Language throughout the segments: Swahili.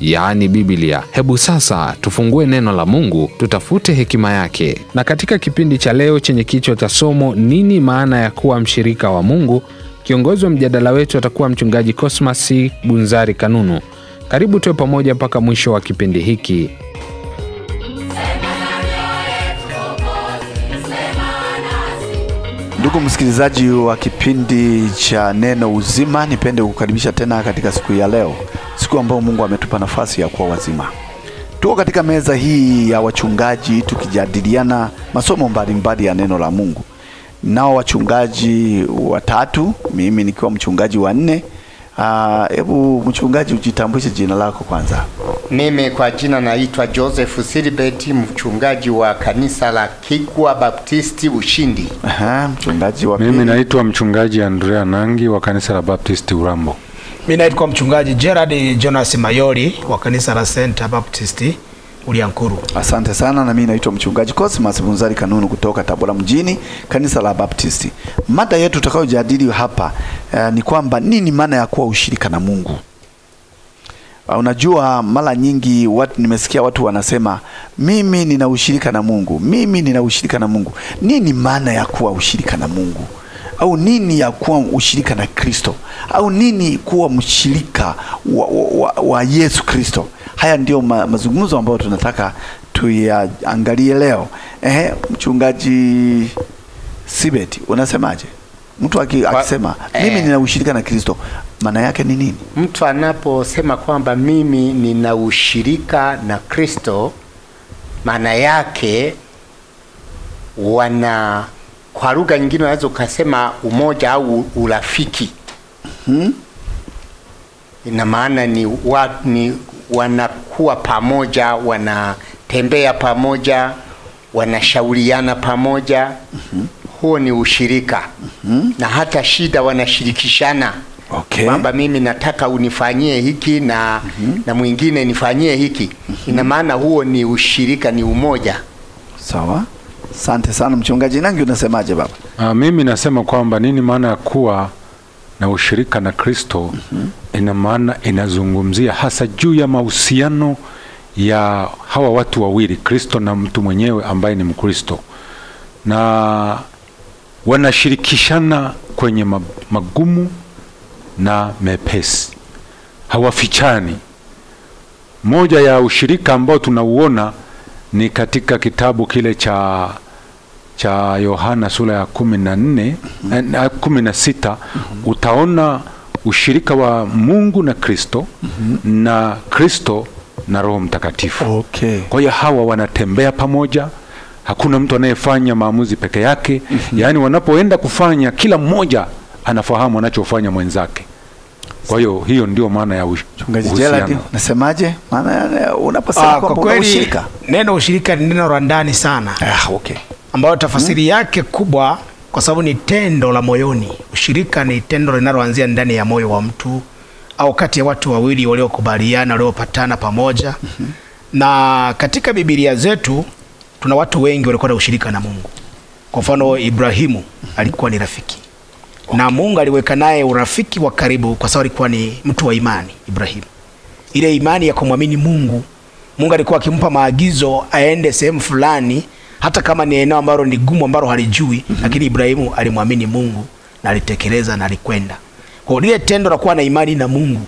yaani Biblia. Hebu sasa tufungue neno la Mungu, tutafute hekima yake. Na katika kipindi cha leo chenye kichwa cha somo nini maana ya kuwa mshirika wa Mungu, kiongozi wa mjadala wetu atakuwa mchungaji Cosmas Bunzari Kanunu. Karibu tuwe pamoja mpaka mwisho wa kipindi hiki. Ndugu msikilizaji wa kipindi cha neno uzima, nipende kukukaribisha tena katika siku ya leo siku ambayo Mungu ametupa nafasi ya kuwa wazima. Tuko katika meza hii ya wachungaji tukijadiliana masomo mbalimbali mbali ya neno la Mungu, nao wachungaji watatu, mimi nikiwa mchungaji wa nne. Ah, hebu mchungaji, ujitambulishe jina lako kwanza. Mimi kwa jina naitwa Joseph Silibeti, mchungaji wa kanisa la Kigwa Baptisti Ushindi. Aha, mchungaji wa pili. Mimi naitwa mchungaji Andrea Nangi wa kanisa la Baptisti Urambo mi naitwa mchungaji Gerard Jonas Mayori wa kanisa la Saint Baptist Uliankuru. Asante sana na mimi naitwa mchungaji Cosmas Bunzari Kanunu kutoka Tabora mjini, kanisa la Baptist. Mada yetu tutakayojadili hapa eh, ni kwamba nini maana ya kuwa ushirika na Mungu? Ah, unajua, mara nyingi watu nimesikia watu wanasema mimi nina ushirika na Mungu, mimi nina ushirika na Mungu. Nini maana ya kuwa ushirika na Mungu? au nini ya kuwa ushirika na Kristo au nini kuwa mshirika wa, wa, wa Yesu Kristo. Haya ndiyo ma, mazungumzo ambayo tunataka tuyaangalie leo. Ehe, mchungaji Sibeti, unasemaje? Mtu akisema mimi eh. nina ushirika na Kristo maana yake ni nini? Mtu anaposema kwamba mimi nina ushirika na Kristo, maana yake wana kwa lugha nyingine unaweza ukasema umoja au urafiki hmm? Ina maana ni, wa, ni wanakuwa pamoja, wanatembea pamoja, wanashauriana pamoja mm -hmm. Huo ni ushirika mm -hmm. Na hata shida wanashirikishana kwamba okay. Mimi nataka unifanyie hiki na, mm -hmm. na mwingine nifanyie hiki mm -hmm. Ina maana huo ni ushirika, ni umoja. Sawa. Asante sana mchungaji Nangi, unasemaje baba? Ah, mimi nasema kwamba nini maana ya kuwa na ushirika na Kristo mm -hmm. Ina maana inazungumzia hasa juu ya mahusiano ya hawa watu wawili, Kristo na mtu mwenyewe ambaye ni Mkristo, na wanashirikishana kwenye magumu na mepesi, hawafichani. Moja ya ushirika ambao tunauona ni katika kitabu kile cha cha Yohana sura ya kumi na nne eh, eh, kumi na sita utaona ushirika wa Mungu na Kristo mm -hmm. na Kristo na Roho Mtakatifu. Okay. Kwa hiyo hawa wanatembea pamoja, hakuna mtu anayefanya maamuzi peke yake mm -hmm. yaani wanapoenda kufanya, kila mmoja anafahamu anachofanya mwenzake. Kwa hiyo hiyo ndio maana ya uhusiano. Nasemaje? Maana eh, unaposema ah, kwamba ushirika, neno ushirika ni neno la ndani sana. Ah, okay ambayo tafasiri hmm? yake kubwa, kwa sababu ni tendo la moyoni. Ushirika ni tendo linaloanzia ndani ya moyo wa mtu au kati ya watu wawili waliokubaliana, waliopatana pamoja. Hmm. Na katika Biblia zetu tuna watu wengi walikuwa na ushirika na Mungu. Kwa mfano, Ibrahimu alikuwa ni rafiki okay. na Mungu aliweka naye urafiki wa karibu, kwa sababu alikuwa ni mtu wa imani. Ibrahimu, ile imani ya kumwamini Mungu, Mungu alikuwa akimpa maagizo aende sehemu fulani hata kama ni eneo ambalo ni gumu ambalo halijui mm -hmm. Lakini Ibrahimu alimwamini Mungu na alitekeleza na alikwenda. Kwa lile tendo la kuwa na imani na Mungu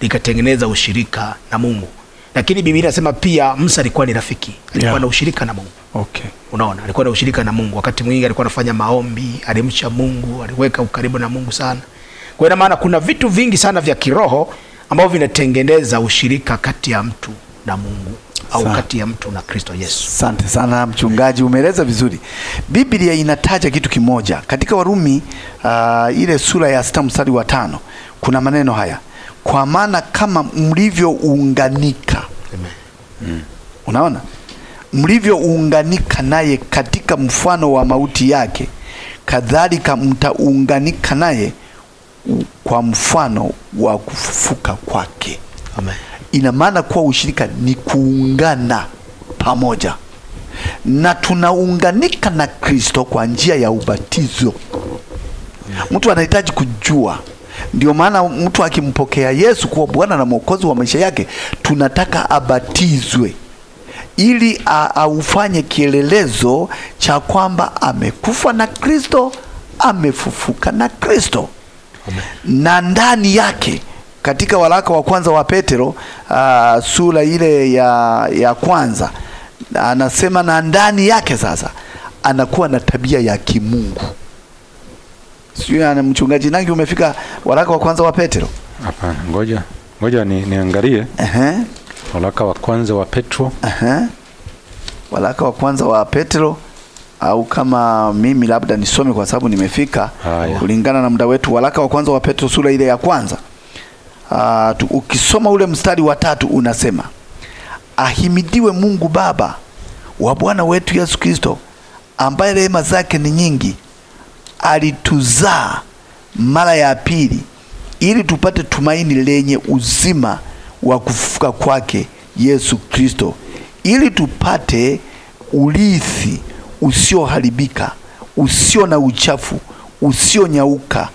likatengeneza ushirika na Mungu. Lakini Biblia inasema pia Musa alikuwa ni rafiki, alikuwa yeah. na ushirika na Mungu. Okay. Unaona, alikuwa na ushirika na Mungu. Wakati mwingi alikuwa anafanya maombi, alimcha Mungu, aliweka ukaribu na Mungu sana. Kwa hiyo maana kuna vitu vingi sana vya kiroho ambavyo vinatengeneza ushirika kati ya mtu na Mungu au kati ya mtu na Kristo Yesu. Asante sana mchungaji, umeeleza vizuri. Biblia inataja kitu kimoja katika Warumi uh, ile sura ya sita mstari wa tano kuna maneno haya, kwa maana kama mlivyounganika. Mm. Unaona, mlivyounganika naye katika mfano wa mauti yake, kadhalika mtaunganika naye kwa mfano wa kufufuka kwake. Amen ina maana kuwa ushirika ni kuungana pamoja, na tunaunganika na Kristo kwa njia ya ubatizo. Mtu anahitaji kujua ndio maana mtu akimpokea Yesu kuwa Bwana na Mwokozi wa maisha yake, tunataka abatizwe ili aufanye kielelezo cha kwamba amekufa na Kristo, amefufuka na Kristo, na ndani yake katika waraka wa kwanza wa Petero uh, sura ile ya, ya kwanza anasema, na ndani yake sasa anakuwa na tabia ya kimungu. Sio ana mchungaji nangi, umefika waraka wa kwanza wa Petero? Hapana, ngoja ngoja ni, niangalie uh -huh. waraka wa kwanza wa Petro uh -huh. waraka wa kwanza wa Petro au kama mimi labda nisome kwa sababu nimefika kulingana na muda wetu. Waraka wa kwanza wa Petro sura ile ya kwanza uh, tu, ukisoma ule mstari wa tatu unasema ahimidiwe Mungu Baba wa Bwana wetu Yesu Kristo, ambaye rehema zake ni nyingi, alituzaa mara ya pili ili tupate tumaini lenye uzima wa kufufuka kwake Yesu Kristo, ili tupate urithi usioharibika, usio na uchafu, usionyauka,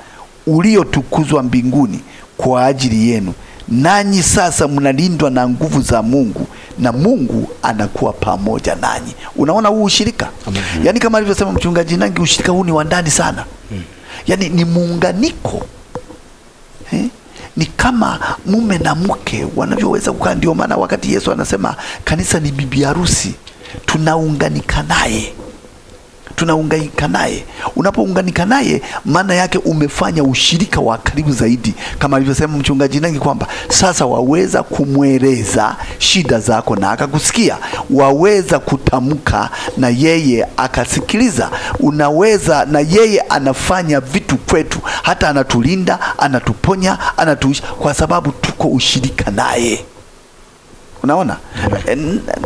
uliotukuzwa mbinguni kwa ajili yenu, nanyi sasa mnalindwa na nguvu za Mungu na Mungu anakuwa pamoja nanyi. Unaona huu ushirika Amen. Yani kama alivyosema mchungaji Nangi, ushirika huu ni wa ndani sana hmm. Yani ni muunganiko Ni kama mume na mke wanavyoweza kukaa. Ndio maana wakati Yesu anasema kanisa ni bibi harusi, tunaunganika naye tunaunganika naye. Unapounganika naye, maana yake umefanya ushirika wa karibu zaidi, kama alivyosema mchungaji Nangi kwamba sasa waweza kumweleza shida zako na akakusikia, waweza kutamka na yeye akasikiliza, unaweza na yeye anafanya vitu kwetu, hata anatulinda, anatuponya, anatuisha, kwa sababu tuko ushirika naye unaona eh,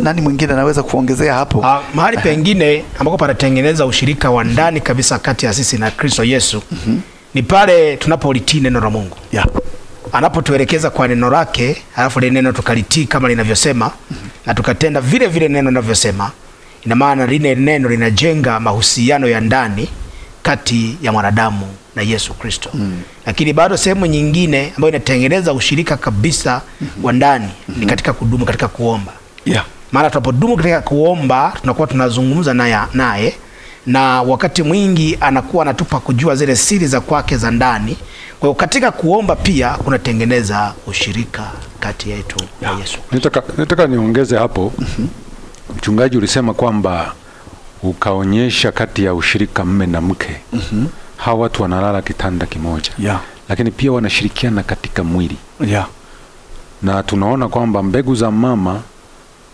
nani mwingine anaweza kuongezea hapo? ha, ah, mahali pengine ambako panatengeneza ushirika wa ndani kabisa kati ya sisi na Kristo Yesu mm -hmm. ni pale tunapolitii neno la Mungu yeah. anapotuelekeza kwa neno lake, alafu lile neno tukalitii kama linavyosema mm -hmm. na tukatenda vile vile neno linavyosema, ina maana lile neno linajenga mahusiano ya ndani kati ya mwanadamu na Yesu Kristo mm. Lakini bado sehemu nyingine ambayo inatengeneza ushirika kabisa mm -hmm. wa ndani mm -hmm. ni mm-hmm. katika kudumu katika kuomba yeah. Maana tunapodumu katika kuomba tunakuwa tunazungumza naye na wakati mwingi anakuwa anatupa kujua zile siri za kwake za ndani. Kwa hiyo katika kuomba pia kunatengeneza ushirika kati yetu na Yesu. Nataka niongeze hapo, mm-hmm. mchungaji, ulisema kwamba ukaonyesha kati ya ushirika mme na mke mm -hmm. hawa watu wanalala kitanda kimoja yeah. lakini pia wanashirikiana katika mwili yeah. na tunaona kwamba mbegu za mama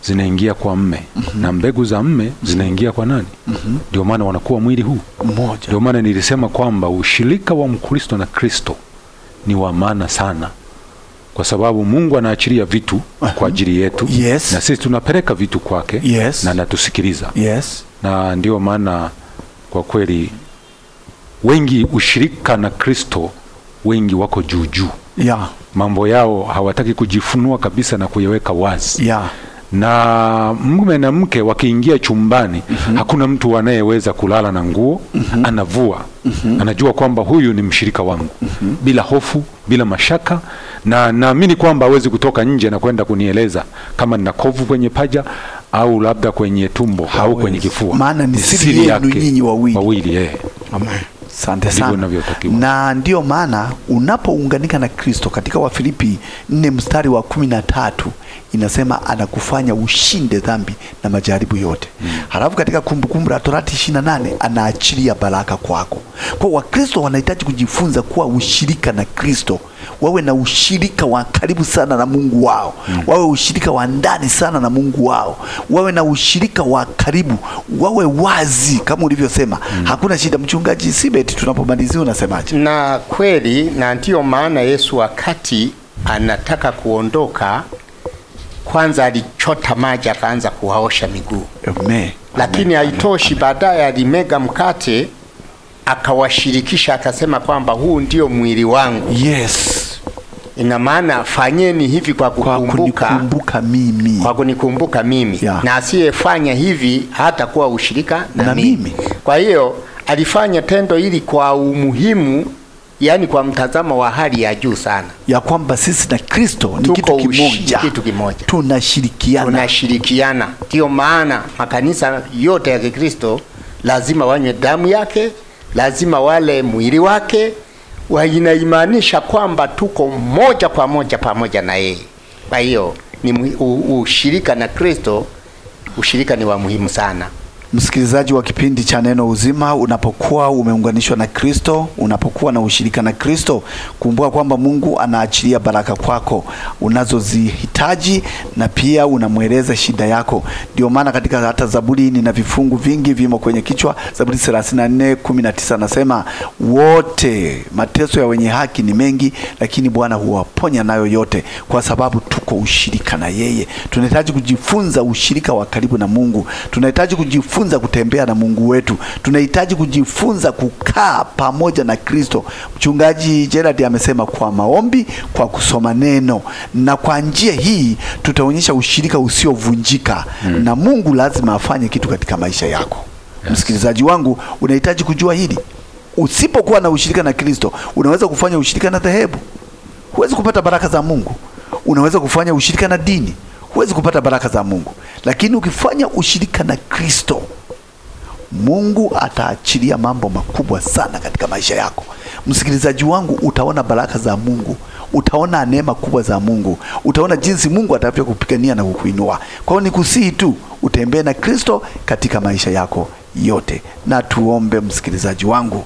zinaingia kwa mme mm -hmm. na mbegu za mme zinaingia kwa nani? Mhm. Ndio mm -hmm. maana wanakuwa mwili huu mmoja. Ndio maana nilisema kwamba ushirika wa Mkristo na Kristo ni wa maana sana, kwa sababu Mungu anaachilia vitu kwa ajili yetu yes. na sisi tunapeleka vitu kwake yes. na anatusikiliza yes na ndiyo maana kwa kweli wengi ushirika na Kristo wengi wako juu juu yeah. Mambo yao hawataki kujifunua kabisa na kuyaweka wazi yeah. Na mume na mke wakiingia chumbani mm -hmm. Hakuna mtu anayeweza kulala na nguo mm -hmm. Anavua mm -hmm. Anajua kwamba huyu ni mshirika wangu mm -hmm. Bila hofu, bila mashaka, na naamini kwamba hawezi kutoka nje na kwenda kunieleza kama nina kovu kwenye paja au labda kwenye tumbo Hawezi. au kwenye kifua. Maana ni siri yenu nyinyi wawili, wawili eh. Amen. Asante sana. Na ndiyo maana unapounganika na Kristo katika Wafilipi nne mstari wa kumi na tatu inasema anakufanya ushinde dhambi na majaribu yote. Mm. Halafu katika Kumbukumbu la Torati ishirini na nane anaachilia baraka kwako. Kwa Wakristo wanahitaji kujifunza kuwa ushirika na Kristo, wawe na ushirika wa karibu sana na Mungu wao. Mm. Wawe ushirika wa ndani sana na Mungu wao, wawe na ushirika wa karibu, wawe wazi kama ulivyosema. Mm. Hakuna shida mchungaji, sibe beti tunapomalizia unasemaje? Na kweli, na ndiyo maana Yesu wakati anataka kuondoka kwanza alichota maji akaanza kuwaosha miguu. Lakini haitoshi, baadaye alimega mkate akawashirikisha akasema kwamba huu ndio mwili wangu. Yes. Ina maana fanyeni hivi kwa kukumbuka, kwa kunikumbuka mimi, kwa kunikumbuka mimi. Yeah. Na asiyefanya hivi hata kuwa ushirika na, na mimi. Mimi. Kwa hiyo alifanya tendo hili kwa umuhimu, yani kwa mtazamo wa hali ya juu sana, ya kwamba sisi na Kristo ni kitu kimoja, kitu kimoja, tunashirikiana, tunashirikiana. Ndiyo maana makanisa yote ya Kikristo lazima wanywe damu yake, lazima wale mwili wake, wainaimanisha kwamba tuko moja kwa moja pamoja na yeye. Kwa hiyo ni ushirika na Kristo, ushirika ni wa muhimu sana. Msikilizaji wa kipindi cha Neno Uzima, unapokuwa umeunganishwa na Kristo, unapokuwa na ushirika na Kristo, kumbuka kwamba Mungu anaachilia baraka kwako unazozihitaji, na pia unamweleza shida yako. Ndio maana katika hata Zaburi nina vifungu vingi vimo kwenye kichwa. Zaburi 34:19 nasema, wote mateso ya wenye haki ni mengi, lakini Bwana huwaponya nayo yote, kwa sababu tuko ushirika na yeye. Tunahitaji kujifunza ushirika wa karibu na Mungu, tunahitaji kujifunza kujifunza kutembea na Mungu wetu, tunahitaji kujifunza kukaa pamoja na Kristo. Mchungaji Gerard amesema kwa maombi, kwa kusoma neno, na kwa njia hii tutaonyesha ushirika usiovunjika hmm. na Mungu lazima afanye kitu katika maisha yako. Yes. Msikilizaji wangu unahitaji kujua hili. Usipokuwa na ushirika na Kristo, unaweza kufanya ushirika na dhehebu, huwezi kupata baraka za Mungu. Unaweza kufanya ushirika na dini, huwezi kupata baraka za Mungu. Lakini ukifanya ushirika na Kristo, Mungu ataachilia mambo makubwa sana katika maisha yako. Msikilizaji wangu, utaona baraka za Mungu, utaona neema kubwa za Mungu, utaona jinsi Mungu atakavyokupigania na kukuinua. Kwa hiyo nikusihi tu utembee na Kristo katika maisha yako yote. Na tuombe, msikilizaji wangu.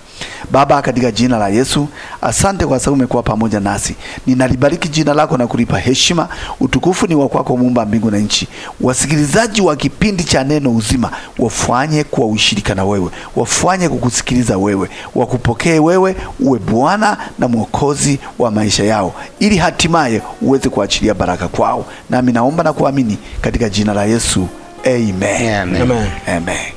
Baba, katika jina la Yesu, asante kwa sababu umekuwa pamoja nasi. Ninalibariki jina lako na kulipa heshima. Utukufu ni wa kwako, muumba mbingu na nchi. Wasikilizaji wa kipindi cha Neno Uzima wafanye kwa ushirika na wewe, wafanye kukusikiliza wewe, wakupokee wewe, uwe Bwana na Mwokozi wa maisha yao, ili hatimaye uweze kuachilia baraka kwao. Nami naomba na kuamini katika jina la Yesu, amen, amen. amen. amen.